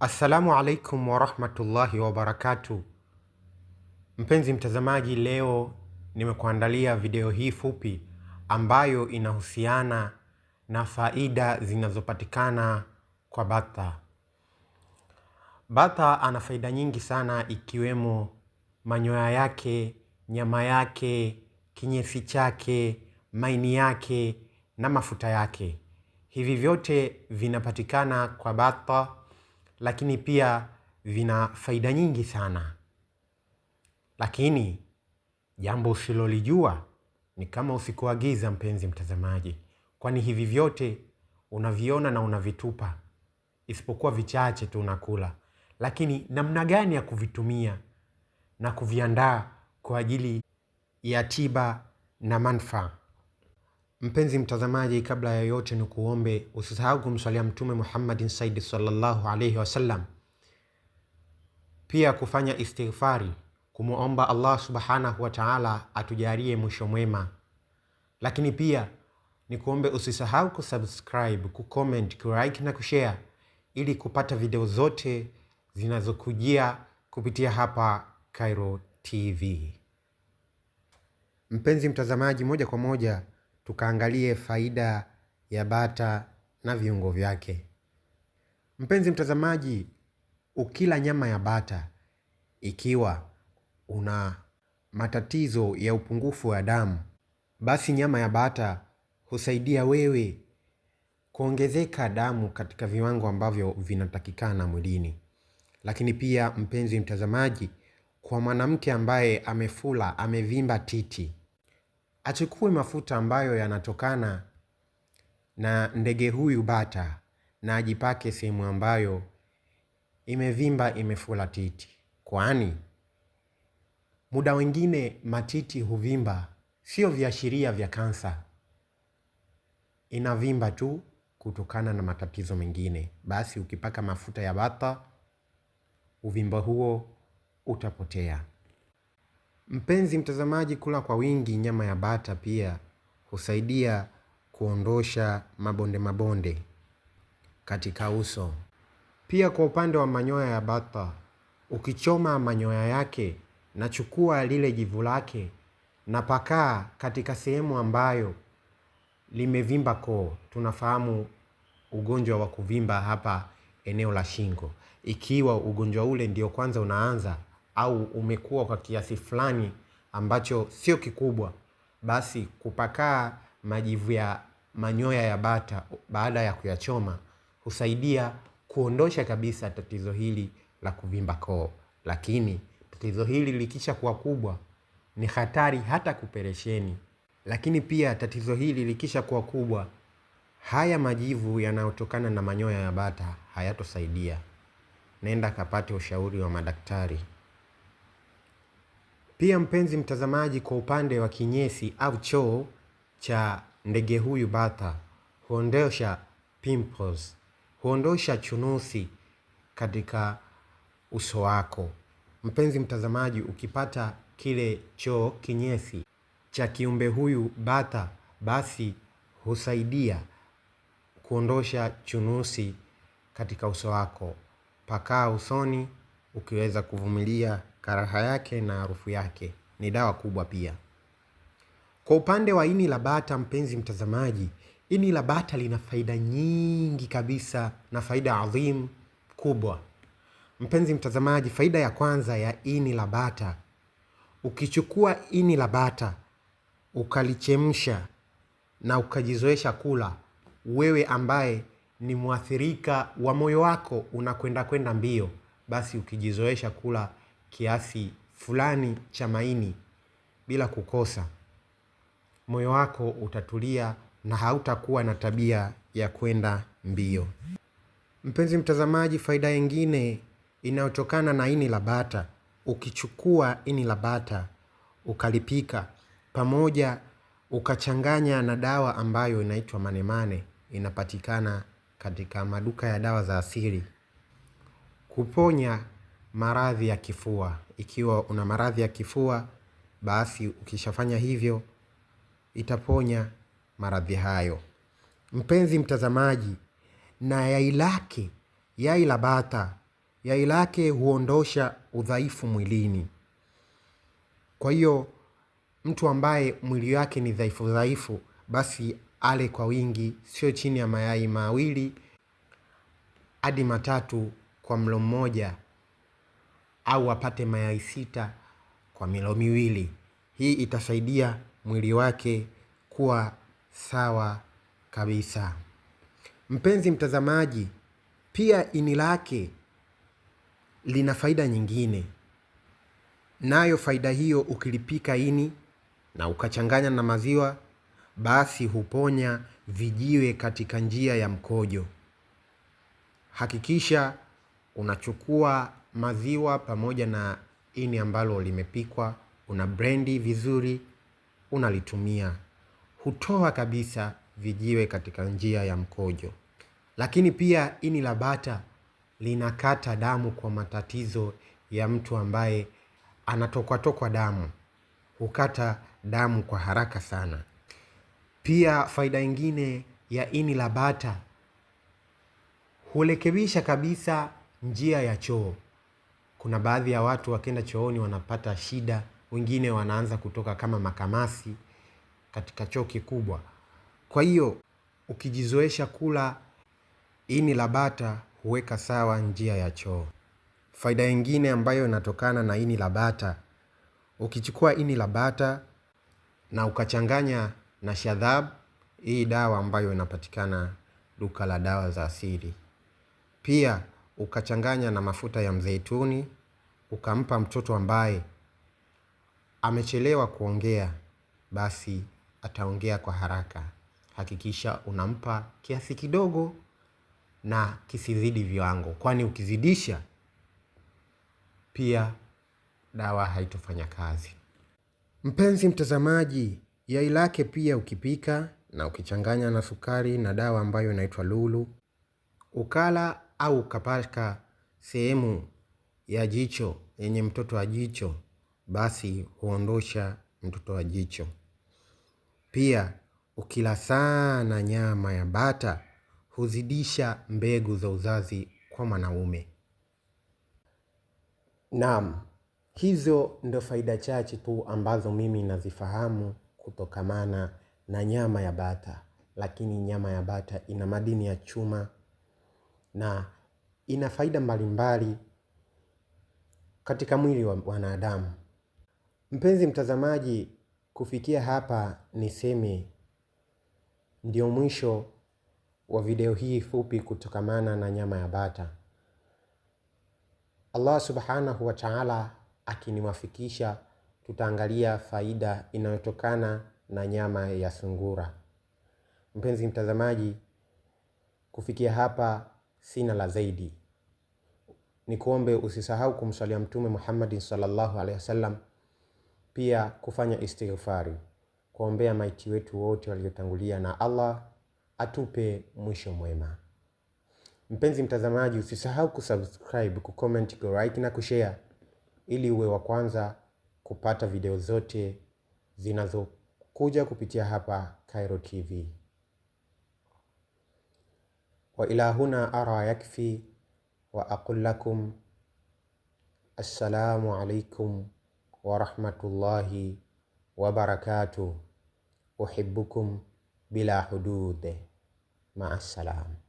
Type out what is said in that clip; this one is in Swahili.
Assalamu alaikum warahmatullahi wabarakatu. Mpenzi mtazamaji, leo nimekuandalia video hii fupi ambayo inahusiana na faida zinazopatikana kwa bata. Bata ana faida nyingi sana ikiwemo manyoya yake, nyama yake, kinyesi chake, maini yake na mafuta yake. Hivi vyote vinapatikana kwa bata lakini pia vina faida nyingi sana. Lakini jambo usilolijua ni kama usikuagiza, mpenzi mtazamaji, kwani hivi vyote unaviona na unavitupa, isipokuwa vichache tu unakula. Lakini namna gani ya kuvitumia na kuviandaa kwa ajili ya tiba na manufaa Mpenzi mtazamaji, kabla ya yote ni kuombe usisahau kumswalia Mtume Muhammadin Saidi sallallahu alaihi wasallam, pia kufanya istighfari, kumwomba Allah subhanahu wa taala atujalie mwisho mwema, lakini pia ni kuombe usisahau kusubscribe, kucomment, kulike na kushare ili kupata video zote zinazokujia kupitia hapa Khairo TV. Mpenzi mtazamaji, moja kwa moja tukaangalie faida ya bata na viungo vyake. Mpenzi mtazamaji, ukila nyama ya bata ikiwa una matatizo ya upungufu wa damu, basi nyama ya bata husaidia wewe kuongezeka damu katika viwango ambavyo vinatakikana mwilini. Lakini pia mpenzi mtazamaji, kwa mwanamke ambaye amefula amevimba titi achukue mafuta ambayo yanatokana na ndege huyu bata na ajipake sehemu ambayo imevimba imefula titi, kwani muda wengine matiti huvimba, sio viashiria vya kansa, inavimba tu kutokana na matatizo mengine. Basi ukipaka mafuta ya bata uvimba huo utapotea. Mpenzi mtazamaji, kula kwa wingi nyama ya bata pia husaidia kuondosha mabonde mabonde katika uso. Pia kwa upande wa manyoya ya bata, ukichoma manyoya yake na chukua lile jivu lake na pakaa katika sehemu ambayo limevimba koo. Tunafahamu ugonjwa wa kuvimba hapa eneo la shingo. Ikiwa ugonjwa ule ndio kwanza unaanza, au umekuwa kwa kiasi fulani ambacho sio kikubwa, basi kupakaa majivu ya manyoya ya bata baada ya kuyachoma husaidia kuondosha kabisa tatizo hili la kuvimba koo. Lakini tatizo hili kuwa kubwa ni hatari hata kuperesheni. Lakini pia tatizo hili kuwa kubwa, haya majivu yanayotokana na manyoya ya bata hayatosaidia. Nenda kapate ushauri wa madaktari. Pia mpenzi mtazamaji, kwa upande wa kinyesi au choo cha ndege huyu bata huondosha pimples, huondosha chunusi katika uso wako. Mpenzi mtazamaji, ukipata kile choo kinyesi cha kiumbe huyu bata, basi husaidia kuondosha chunusi katika uso wako. Pakaa usoni ukiweza kuvumilia karaha yake na harufu yake. Ni dawa kubwa pia. Kwa upande wa ini la bata, mpenzi mtazamaji, ini la bata lina faida nyingi kabisa na faida adhimu kubwa. Mpenzi mtazamaji, faida ya kwanza ya ini la bata, ukichukua ini la bata ukalichemsha na ukajizoesha kula, wewe ambaye ni mwathirika wa moyo wako unakwenda kwenda mbio, basi ukijizoesha kula kiasi fulani cha maini bila kukosa, moyo wako utatulia na hautakuwa na tabia ya kwenda mbio. Mpenzi mtazamaji, faida nyingine inayotokana na ini la bata, ukichukua ini la bata ukalipika pamoja ukachanganya na dawa ambayo inaitwa manemane, inapatikana katika maduka ya dawa za asili. Huponya maradhi ya kifua. Ikiwa una maradhi ya kifua, basi ukishafanya hivyo, itaponya maradhi hayo. Mpenzi mtazamaji, na yai lake, yai la bata, yai lake huondosha udhaifu mwilini. Kwa hiyo mtu ambaye mwili wake ni dhaifu dhaifu, basi ale kwa wingi, sio chini ya mayai mawili hadi matatu kwa mlo mmoja au apate mayai sita kwa milo miwili. Hii itasaidia mwili wake kuwa sawa kabisa. Mpenzi mtazamaji, pia ini lake lina faida nyingine, nayo faida hiyo ukilipika ini na ukachanganya na maziwa, basi huponya vijiwe katika njia ya mkojo. Hakikisha unachukua maziwa pamoja na ini ambalo limepikwa, una brendi vizuri, unalitumia. Hutoa kabisa vijiwe katika njia ya mkojo. Lakini pia ini la bata linakata damu kwa matatizo ya mtu ambaye anatokwatokwa damu, hukata damu kwa haraka sana. Pia faida ingine ya ini la bata, hurekebisha kabisa njia ya choo. Kuna baadhi ya watu wakienda chooni wanapata shida, wengine wanaanza kutoka kama makamasi katika choo kikubwa. Kwa hiyo ukijizoesha kula ini la bata huweka sawa njia ya choo. Faida nyingine ambayo inatokana na ini la bata, ukichukua ini la bata na ukachanganya na shadhabu, hii dawa ambayo inapatikana duka la dawa za asili. Pia ukachanganya na mafuta ya mzeituni ukampa mtoto ambaye amechelewa kuongea, basi ataongea kwa haraka. Hakikisha unampa kiasi kidogo na kisizidi viwango, kwani ukizidisha pia dawa haitofanya kazi. Mpenzi mtazamaji, yai lake pia ukipika na ukichanganya na sukari na dawa ambayo inaitwa lulu ukala au ukapaka sehemu ya jicho yenye mtoto wa jicho, basi huondosha mtoto wa jicho. Pia ukila sana nyama ya bata huzidisha mbegu za uzazi kwa mwanaume. Naam, hizo ndo faida chache tu ambazo mimi nazifahamu kutokamana na nyama ya bata, lakini nyama ya bata ina madini ya chuma na ina faida mbalimbali katika mwili wa wanadamu. Mpenzi mtazamaji, kufikia hapa niseme ndio mwisho wa video hii fupi kutokamana na nyama ya bata. Allah subhanahu wa ta'ala akiniwafikisha, tutaangalia faida inayotokana na nyama ya sungura. Mpenzi mtazamaji, kufikia hapa Sina la zaidi, ni kuombe usisahau kumswalia Mtume Muhammadin salallahu alehi wasallam, pia kufanya istighfari, kuombea maiti wetu wote waliotangulia, na Allah atupe mwisho mwema. Mpenzi mtazamaji, usisahau kusubscribe, kucomment, kulike na kushare ili uwe wa kwanza kupata video zote zinazokuja kupitia hapa cairo TV. والى هنا ارى يكفي واقول لكم السلام عليكم ورحمه الله وبركاته احبكم بلا حدود مع السلامه